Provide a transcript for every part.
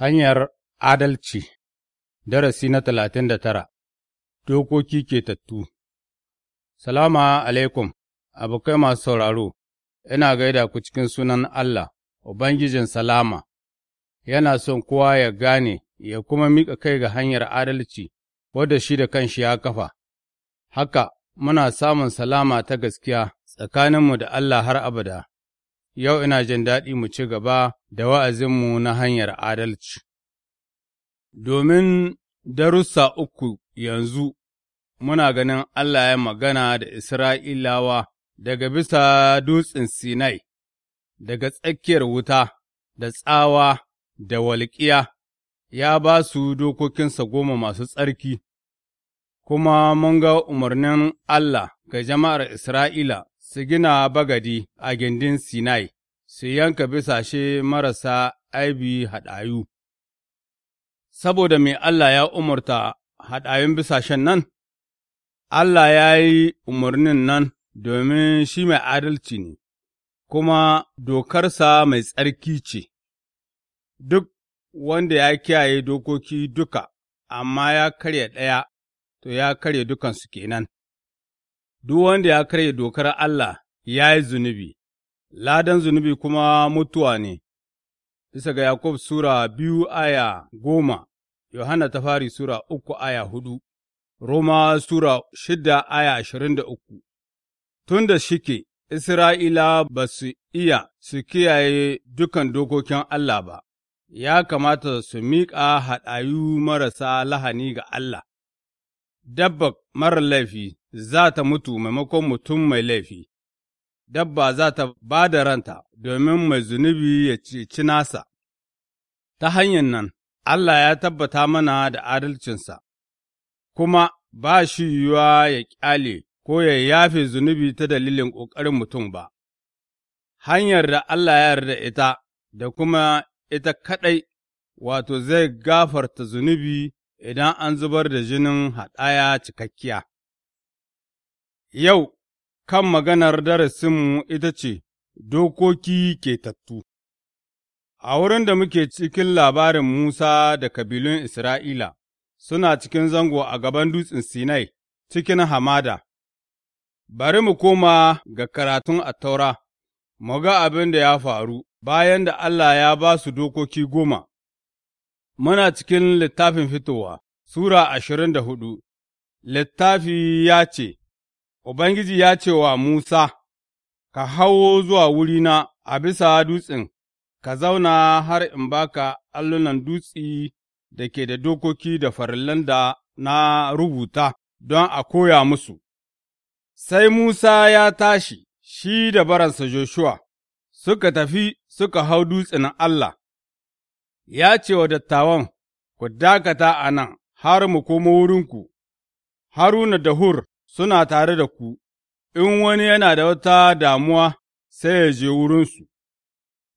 Hanyar Adalci Darasi na talatin da tara Dokoki ke tattu. Salama alaikum, abokai masu sauraro, ina gaida ku cikin sunan Allah, Ubangijin Salama, yana son kowa ya gane ya kuma miƙa kai ga hanyar adalci wadda shi da kanshi ya kafa. Haka muna samun salama ta gaskiya tsakaninmu da Allah har abada. yau ina jin daɗi mu ci gaba da wa'azinmu na hanyar adalci. Domin darussa uku yanzu muna ganin Allah ya magana da Isra'ilawa daga bisa dutsen Sinai, daga tsakiyar wuta, da tsawa, da walƙiya, ya ba su dokokinsa goma masu tsarki, kuma mun ga umarnin Allah ga jama'ar Isra'ila su gina bagadi a gindin Sinai, su yanka bisashe marasa aibi haɗayu. Saboda mai Allah ya umarta haɗayun bisashen nan? Allah ya yi umarnin nan domin shi mai adalci ne, kuma dokarsa mai tsarki ce, duk wanda ya kiyaye dokoki duka, amma ya karya ɗaya, to ya karya dukansu kenan. duk wanda ya karya dokar Allah ya yi zunubi, ladan zunubi kuma mutuwa ne, bisa ga Yakub Sura biyu aya goma, Yohana ta fari Sura uku aya hudu, Roma Sura shida aya ashirin da uku. Tun da shike, Isra'ila ba su iya su kiyaye dukan dokokin Allah ba, ya kamata su miƙa haɗayu marasa lahani ga Allah, dabbak marar laifi. za ta mutu maimakon mutum mai laifi, dabba za ta ba da ranta domin mai zunubi ya ci nasa. Ta hanyar nan, Allah ya tabbata mana da adalcinsa, kuma ba shi yiwuwa ya ƙyale ko ya yafe zunubi ta dalilin ƙoƙarin mutum ba. Hanyar da Allah ya yarda ita da kuma ita kaɗai, wato zai gafarta zunubi idan an zubar da jinin haɗaya cikakkiya. Yau, kan maganar darasinmu ita ce, Dokoki ketattu A wurin da muke cikin labarin Musa da kabilun Isra'ila, suna cikin zango a gaban dutsen Sinai, cikin hamada, bari mu koma ga karatun attaura, mu ga abin da ya faru bayan da Allah ya ba su dokoki goma. Muna cikin littafin fitowa, Sura ashirin da hudu, littafi ya ce, Ubangiji ya ce wa Musa, Ka hawo zuwa wurina a bisa dutsen, ka zauna har in baka allunan dutsi da ke da dokoki da farillan da na rubuta don a koya musu. Sai Musa ya tashi, shi da baransa Joshua, suka tafi suka hau dutsen Allah, ya ce wa dattawan, Ku dakata a nan har mu komo wurinku, Haruna da Hur suna tare da ku, in wani yana da wata damuwa sai ya je wurinsu.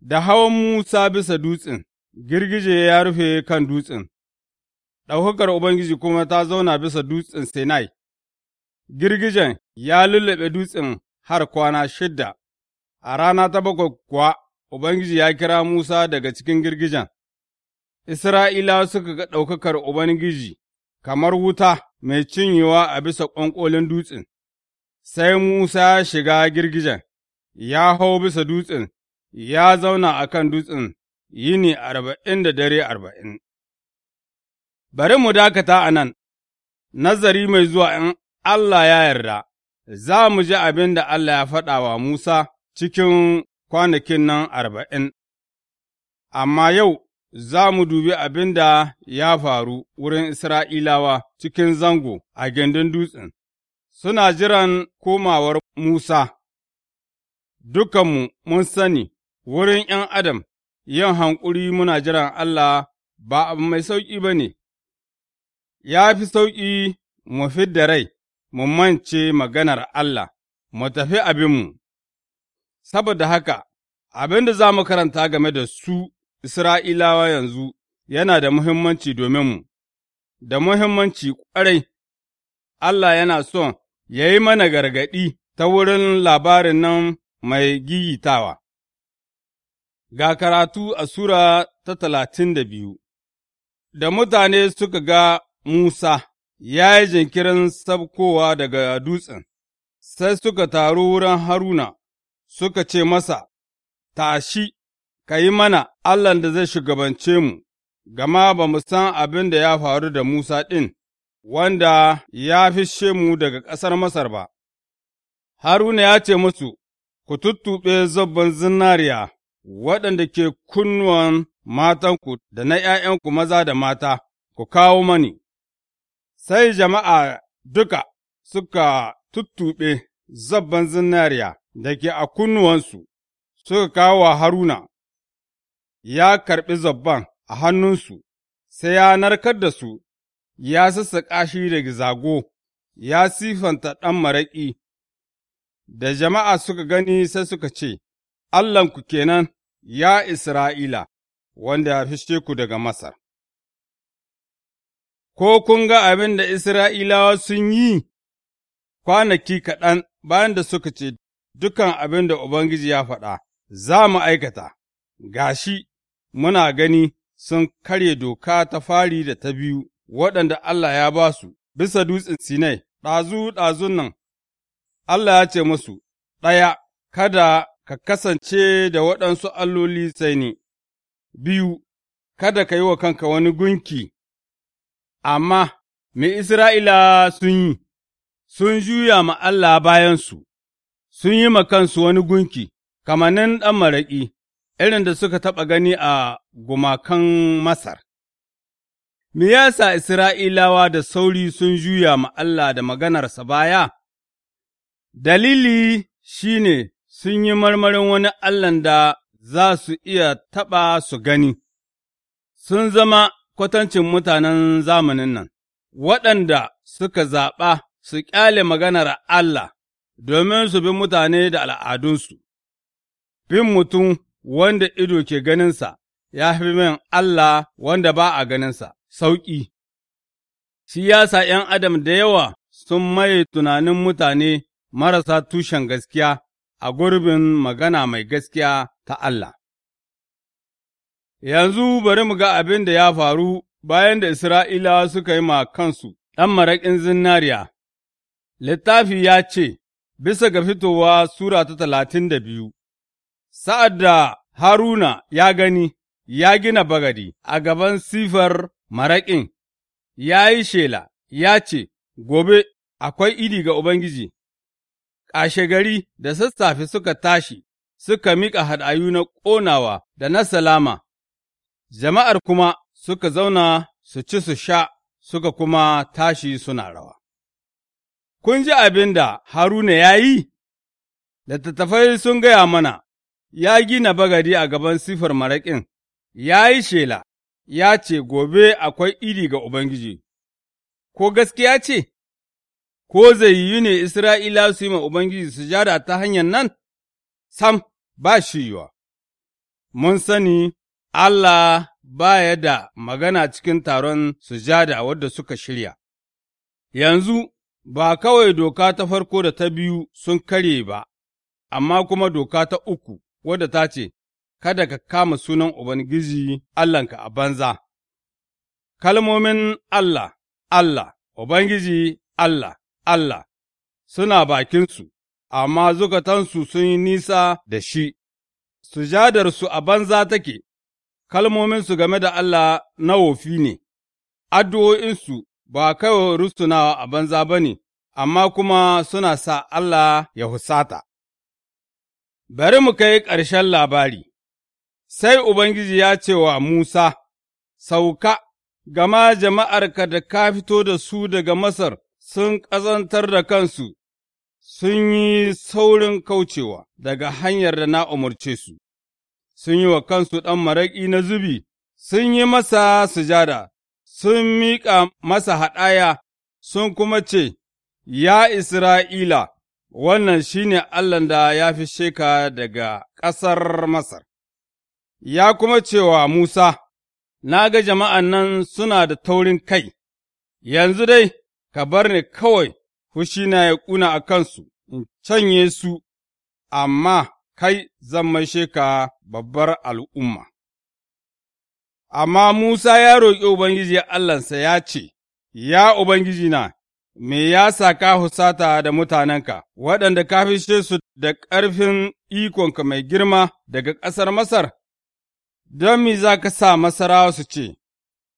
Da hawan Musa bisa dutsen, girgije ya rufe kan dutsen, ɗaukakar Ubangiji kuma ta zauna bisa dutsen Sinai, girgijen ya lullaɓe dutsen har kwana shidda, a rana ta bakwai kuwa Ubangiji ya kira Musa daga cikin girgijen, Isra'ilawa suka ga ɗaukakar Ubangiji kamar wuta mai cinyewa a bisa ƙwanƙolin dutsen, sai Musa ya shiga girgijen, ya hau bisa dutsen, ya zauna a kan dutsen yini arba'in da dare arba'in. Bari mu dakata a nan, nazari mai zuwa in Allah ya yarda, za mu ji abin da Allah ya faɗa wa Musa cikin kwanakin nan arba'in, amma yau za mu dubi abin da ya faru wurin Isra'ilawa cikin zango a gindin dutsen, suna jiran komawar Musa. Dukanmu mun sani wurin ’yan Adam yin hankuri muna jiran Allah ba abu mai sauƙi ba ne, ya fi sauƙi mu fidda rai, mu mance maganar Allah, mu tafi abinmu, saboda haka abin da za mu karanta game da su Isra'ilawa yanzu yana da muhimmanci mu, da muhimmanci ƙwarai, Allah yana son ya yi mana gargaɗi ta wurin labarin nan mai gigitawa. Ga karatu a Sura ta talatin da biyu Da mutane suka ga Musa ya yi jinkirin sabkowa daga dutsen, sai suka taru wurin Haruna suka ce masa, Tashi, ka yi mana Allah da zai shugabance mu, gama ba mu san abin da ya faru da Musa ɗin, wanda ya fishe mu daga ƙasar Masar ba. Haruna ya ce musu, Ku tuttuɓe zobban zinariya waɗanda ke kunnuwan matanku da na ’ya'yanku maza da mata, ku kawo mani, sai jama'a duka suka tuttuɓe zobban zinariya da ke a kunnuwansu, suka kawo wa Haruna, ya karɓi zabban a hannunsu, sai ya narkar da su, ya sassaƙa shi da zago, ya sifanta ɗan maraƙi. Da jama'a suka gani sai suka ce, Allahnku kenan, ya Isra'ila, wanda ya fishe ku daga Masar. Ko kun ga abin da Isra'ilawa sun yi kwanaki kaɗan bayan da suka ce dukan abin da Ubangiji ya faɗa, za mu aikata, gashi muna gani sun karya doka ta fari da ta biyu waɗanda Allah ya ba su bisa dutsen Sinai, ɗazu-ɗazun nan, Allah ya ce musu, ɗaya, kada ka kasance da waɗansu alloli sai ni, biyu, kada ka yi wa kanka wani gunki, amma mai Isra'ila sun yi, sun juya ma Allah bayansu, sun yi ma kansu wani gunki, Kamanin ɗan maraƙi, irin da suka taɓa gani a gumakan Masar. Me yasa Isra'ilawa da sauri sun juya ma Allah da maganarsa baya? Dalili shi ne sun yi marmarin wani Allahn da za su iya taɓa su gani, sun zama kwatancin mutanen zamanin nan, waɗanda suka zaɓa su ƙyale maganar Allah domin su bi mutane da al'adunsu, bin mutum wanda ido ke ganinsa, ya fi min Allah wanda ba a ganinsa, sauƙi. Shi ya sa ’yan Adam da yawa sun maye tunanin mutane marasa tushen gaskiya a gurbin magana mai gaskiya ta Allah. Yanzu bari mu ga abin da ya faru bayan da Isra'ila suka yi ma kansu ɗan maraƙin zinariya. Littafi ya ce, Bisa ga fitowa Sura ta talatin da biyu. Sa'ad da Haruna ya gani, ya gina bagadi a gaban sifar maraƙin, ya yi shela, ya ce, Gobe akwai idi ga Ubangiji, gari da sassafe suka tashi, suka miƙa had'ayu na ƙonawa da na salama, jama'ar kuma suka zauna su ci su sha, suka kuma tashi suna rawa. Kun ji abin da Haruna ya yi? Littattafai sun gaya mana ya gina bagadi a gaban sifar maraƙin, ya yi shela, ya ce, Gobe akwai iri ga Ubangiji, ko gaskiya ce, ko zai yi ne Isra'ila su yi ma Ubangiji sujada ta hanyar nan? Sam, ba shi yiwa. Mun sani, Allah ba da magana cikin taron sujada wadda suka shirya. Yanzu, ba kawai doka ta farko da ta biyu sun karye ba, amma kuma doka ta uku. wadda ta ce, Kada ka kama sunan Ubangiji Allahnka a banza. Kalmomin Allah, Allah, Ubangiji Allah, Allah, suna bakinsu, amma zukatansu sun yi nisa da shi, sujadarsu a banza take, kalmominsu game da Allah na wofi ne, addu'o'insu ba kawai rusunawa a banza ba ne, amma kuma suna sa Allah ya husata. Bari mu kai ƙarshen labari, sai Ubangiji ya ce wa Musa, Sauka, gama jama'arka da ka fito da su daga Masar sun ƙazantar da kansu, sun yi saurin kaucewa daga hanyar da na umarce su, sun yi wa kansu ɗan maraƙi na zubi, sun yi masa sujada, sun miƙa masa haɗaya, sun kuma ce, Ya Isra'ila! wannan shi ne Allahn da ya fi sheka daga ƙasar Masar, ya kuma cewa Musa, Na ga jama'an nan suna da taurin kai, yanzu dai ka bar ni kawai fushina ya ƙuna a kansu, in canye su, amma kai zan maishe ka babbar al'umma. Amma Musa ya roƙi Ubangiji Allahnsa ya ce, Ya Ubangiji na, Me ya sa ka husata da mutanenka, waɗanda ka fishe su da ƙarfin ikonka mai girma daga ƙasar Masar? Don me za ka sa Masarawa su ce,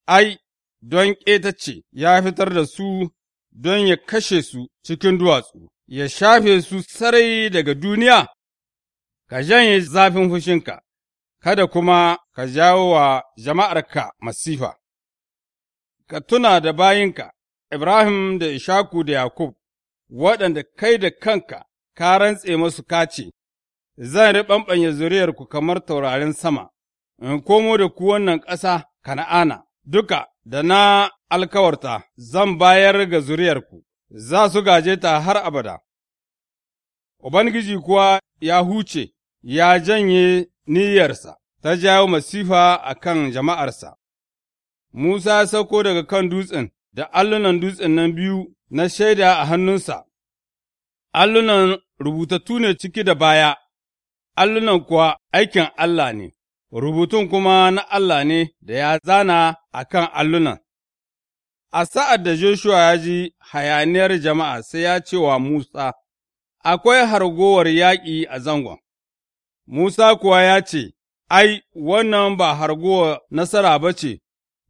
Ai, don ƙetace ya fitar da su don ya kashe su cikin duwatsu, ya shafe su sarai daga duniya? Ka janye zafin fushinka, kada kuma ka jawo wa jama'arka masifa. Ka tuna da bayinka Ibrahim da Ishaku da Yakub, waɗanda kai da kanka ka rantse masu kace, zan riɓanɓanya zuriyarku kamar taurarin sama, in komo da ku wannan ƙasa Kana'ana, duka da na alkawarta zan bayar ga zuriyarku, za su gaje ta har abada. Ubangiji kuwa ya huce, ya janye niyyarsa, ta jawo masifa a kan jama'arsa. Musa ya sauko daga kan dutsen da allunan dutsen nan biyu na shaida a hannunsa, allunan rubutattu ne ciki da baya, allunan kuwa aikin Allah ne, rubutun kuma na Allah ne da ya zana a kan allunan. A sa'ad da Joshua ya ji hayaniyar jama'a sai ya ce wa Musa, Akwai hargowar yaƙi a zangon, Musa kuwa ya ce, Ai, wannan ba hargowar nasara ba ce,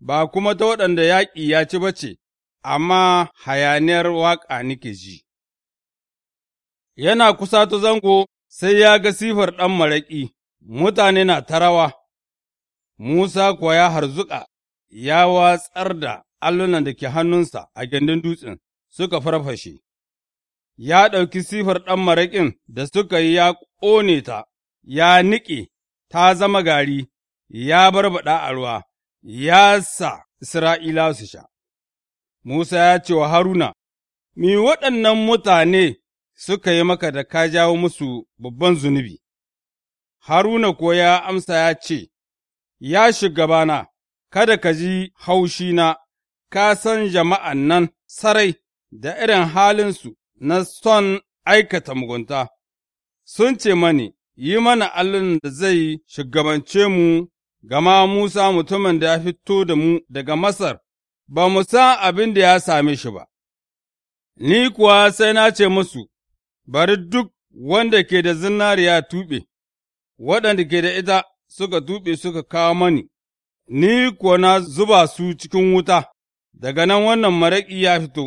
ba kuma ta waɗanda yaƙi ya ci ba ce, amma hayaniyar waƙa nake ji. Yana kusa ta zango sai ya ga sifar ɗan maraƙi, mutane na tarawa, Musa kuwa ya harzuƙa, ya watsar da allunan da ke hannunsa a gindin dutsen suka farfashe. Ya ɗauki sifar ɗan maraƙin da suka yi ya ƙone ta, ya niƙe, ta zama gari, ya barbaɗa a ruwa. ya sa Isra'ila su sha. Musa ya ce wa Haruna, Mi waɗannan mutane suka yi maka da ka jawo musu babban zunubi, Haruna ko ya amsa ya ce, Ya shugabana, kada ka ji haushina, ka san jama'an nan sarai da irin halinsu na son aikata mugunta, sun ce mani, Yi mana allon da zai shugabance mu gama Musa mutumin da ya fito da mu daga Masar, ba mu san abin da ya same shi ba, ni kuwa sai na ce musu, bari duk wanda ke da zinariya tuɓe, waɗanda ke da ita suka tuɓe suka kawo mani, ni kuwa na zuba su cikin wuta, daga nan wannan maraƙi ya fito.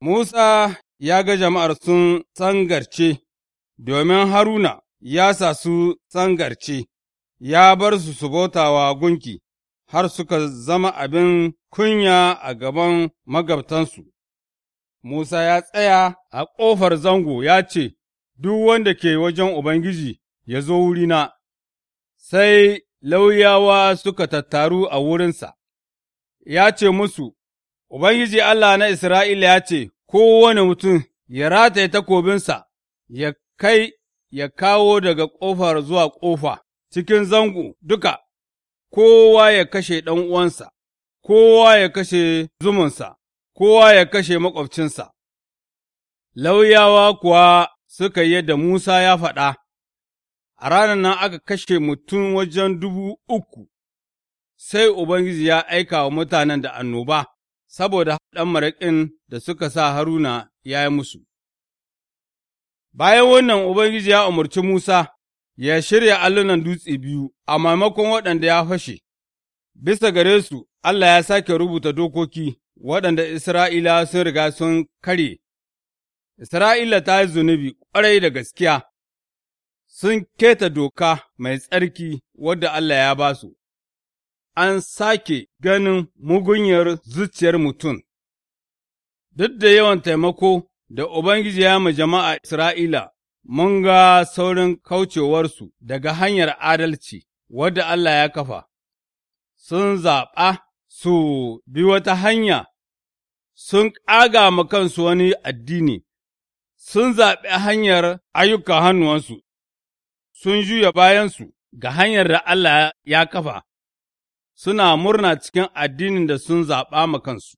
Musa ya ga jama'ar sun sangarce, domin Haruna ya sa su sangarce. ya bar su su bautawa gunki, har suka zama abin kunya a gaban magabtansu. Musa ya tsaya a ƙofar zango ya ce, Duk wanda ke wajen Ubangiji ya zo wurina, sai lauyawa suka tattaru a wurinsa, ya ce musu, Ubangiji Allah na Isra'ila ya ce, Kowane mutum ya rataye takobinsa, ya kai ya kawo daga ƙofar zuwa ƙofa, cikin zango duka, kowa ya kashe ɗan uwansa, kowa ya kashe zumunsa, kowa ya kashe maƙwabcinsa. Lauyawa kuwa suka yi yadda Musa ya faɗa, a ranar nan aka kashe mutum wajen dubu uku, sai Ubangiji ya aika wa mutanen da annoba, saboda ɗan maraƙin da suka sa Haruna ya yi musu. Bayan wannan Ubangiji ya umarci Musa ya shirya allunan dutse biyu a maimakon waɗanda ya fashe, bisa gare su Allah ya sake rubuta dokoki waɗanda Isra'ila sun riga sun kare. Isra'ila ta yi zunubi ƙwarai da gaskiya, sun keta doka mai tsarki wadda Allah ya ba su, an sake ganin mugunyar zuciyar mutum, duk da yawan taimako da Ubangiji ya ma jama'a Isra'ila. mun ga saurin kaucewarsu daga hanyar adalci wadda Allah ya kafa, sun zaɓa su bi wata hanya, sun ƙaga ma kansu wani addini, sun zaɓi hanyar ayyuka hannuwansu, sun juya bayansu ga hanyar da Allah ya kafa, suna murna cikin addinin da sun zaɓa ma kansu.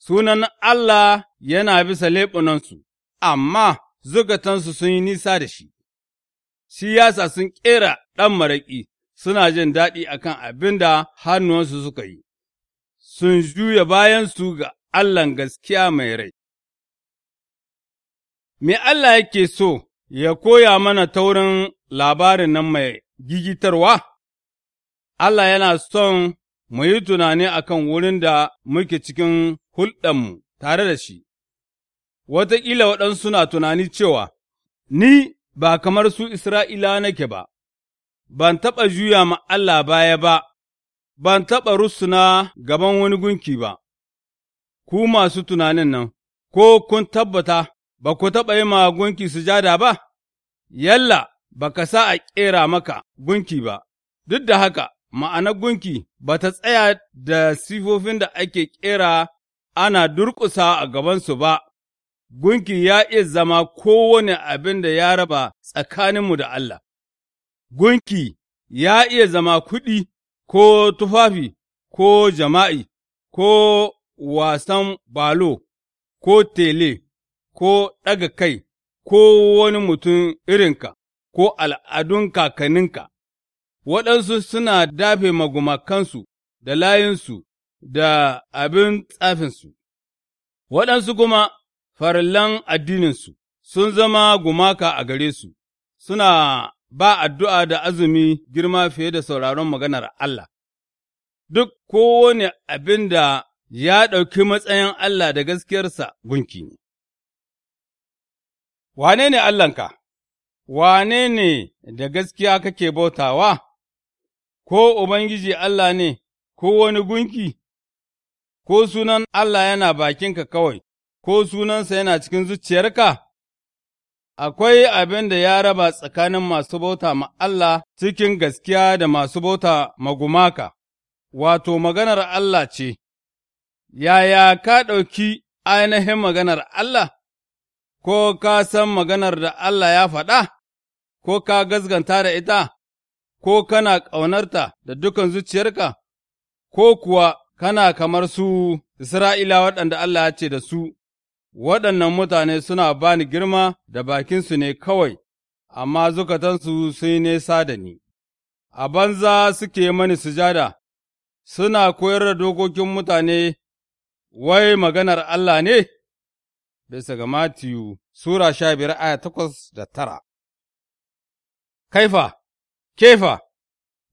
Sunan Allah yana bisa leɓunansu, amma zukatansu sun yi nisa da shi, siyasa sun ƙera ɗan maraƙi suna jin daɗi akan abin da hannuwansu suka yi, sun juya bayansu ga Allahn gaskiya mai rai. Me Allah yake so ya koya mana taurin labarin nan mai gigitarwa? Allah yana son mu yi tunani a kan wurin da muke cikin hulɗanmu tare da shi, wataƙila waɗansu na tunani cewa, Ni ba kamar su Isra'ila nake ba, ban taɓa juya ma Allah baya ba, ban taɓa rusuna gaban wani gunki ba, ku masu tunanin nan, ko kun tabbata ba ku taɓa yi ma gunki sujada ba, yalla ba ka sa a ƙera maka gunki ba, duk da haka ma'anar gunki ba ta tsaya da sifofin da ake ƙera ana durƙusa a gabansu ba. gunki ya iya zama kowane abin da ya raba tsakaninmu da Allah, gunki ya iya zama kuɗi ko tufafi ko jama'i ko wasan balo ko tele ko ɗaga kai ko wani mutum irinka ko al'adun kakaninka… waɗansu suna dafe magumakansu da layinsu da abin tsafinsu, waɗansu kuma farillan addininsu sun zama gumaka a gare su, suna ba addu'a da azumi girma fiye da sauraron maganar Allah. Duk kowane abin da ya ɗauki matsayin Allah da gaskiyarsa gunki ne. Wane ne Allahnka, wane ne da gaskiya kake bautawa, ko Ubangiji Allah ne, ko wani gunki, ko sunan Allah yana bakinka kawai, ko sunansa yana cikin zuciyarka? Akwai abin da ya raba tsakanin masu bauta ma Allah cikin gaskiya da masu bauta magumaka, wato maganar Allah ce, yaya ka ɗauki ainihin maganar Allah, ko ka san maganar da Allah ya faɗa, ko ka gazganta da ita, ko kana ƙaunarta da dukan zuciyarka, ko kuwa kana kamar su Isra'ila waɗanda Allah ya ce da su. waɗannan mutane suna ba ni girma da bakinsu ne kawai, amma zukatansu sun yi nesa da ni, a banza suke mani sujada, suna koyar da dokokin mutane, wai maganar Allah ne? Bisa ga Matiyu Sura sha biyar aya takwas da tara. Kaifa, kefa,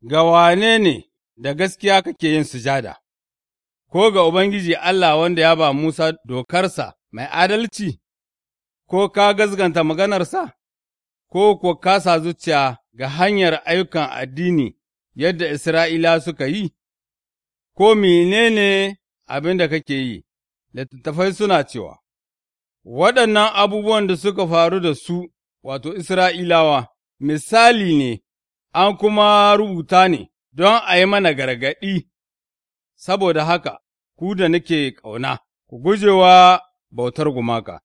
ga wane ne da gaskiya kake yin sujada, ko ga Ubangiji Allah wanda ya ba Musa dokarsa mai adalci, ko ka gazganta maganarsa, ko kuwa ka sa zuciya ga hanyar ayyukan addini yadda Isra'ila suka yi, ko menene abin da kake yi, littattafai suna cewa, Waɗannan abubuwan da suka faru da su, wato Isra'ilawa, misali ne, an kuma rubuta ne don a yi mana gargaɗi, saboda haka, ku da nake ƙauna, ku gujewa bautar gumaka.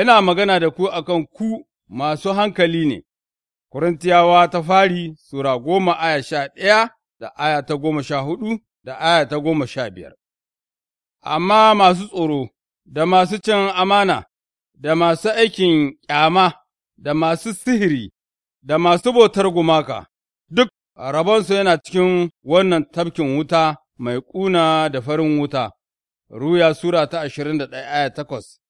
Ina magana da ku akan ku masu hankali ne, Korintiyawa ta fari Sura goma aya sha ɗaya da aya ta goma sha hudu da aya ta goma sha biyar. Amma masu tsoro, da masu cin amana, da masu aikin ƙyama, da masu sihiri, da masu bautar gumaka, duk rabonsu yana cikin wannan tafkin wuta mai ƙuna da farin wuta. Ruya Sura ta ashirin da ɗaya aya takwas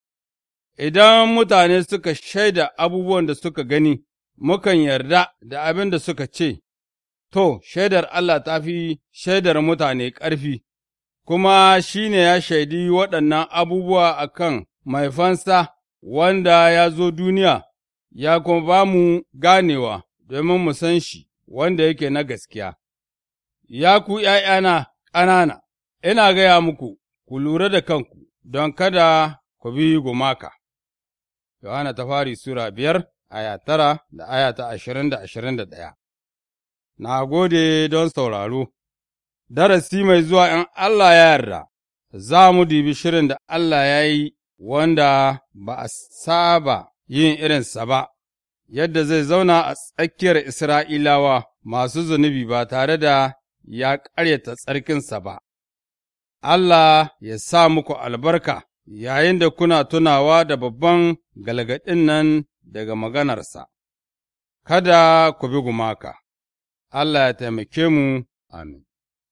Idan mutane suka shaida abubuwan da suka gani, mukan yarda da abin da suka ce, to, shaidar Allah ta fi shaidar mutane ƙarfi, kuma shi ne ya shaidi waɗannan abubuwa a kan mai fansa wanda ya zo duniya, ya kuma ba mu ganewa domin mu san shi wanda yake na gaskiya. Ya ku ’ya'yana ƙanana, ina gaya muku, ku lura da kanku don kada ku bi gumaka. Yohana ta fari Sura biyar, aya tara da aya ta ashirin da ashirin da ɗaya. Na gode don sauraro, darasi mai zuwa in Allah ya yarda, za mu dibi shirin da Allah ya yi wanda ba a saba yin irinsa ba, yadda zai zauna a tsakiyar Isra'ilawa masu zunubi ba tare da ya ƙaryata tsarkinsa ba. Allah ya sa muku albarka yayin da kuna tunawa da babban galgadin nan daga maganarsa, kada ku bi gumaka, Allah ya taimake mu, amin.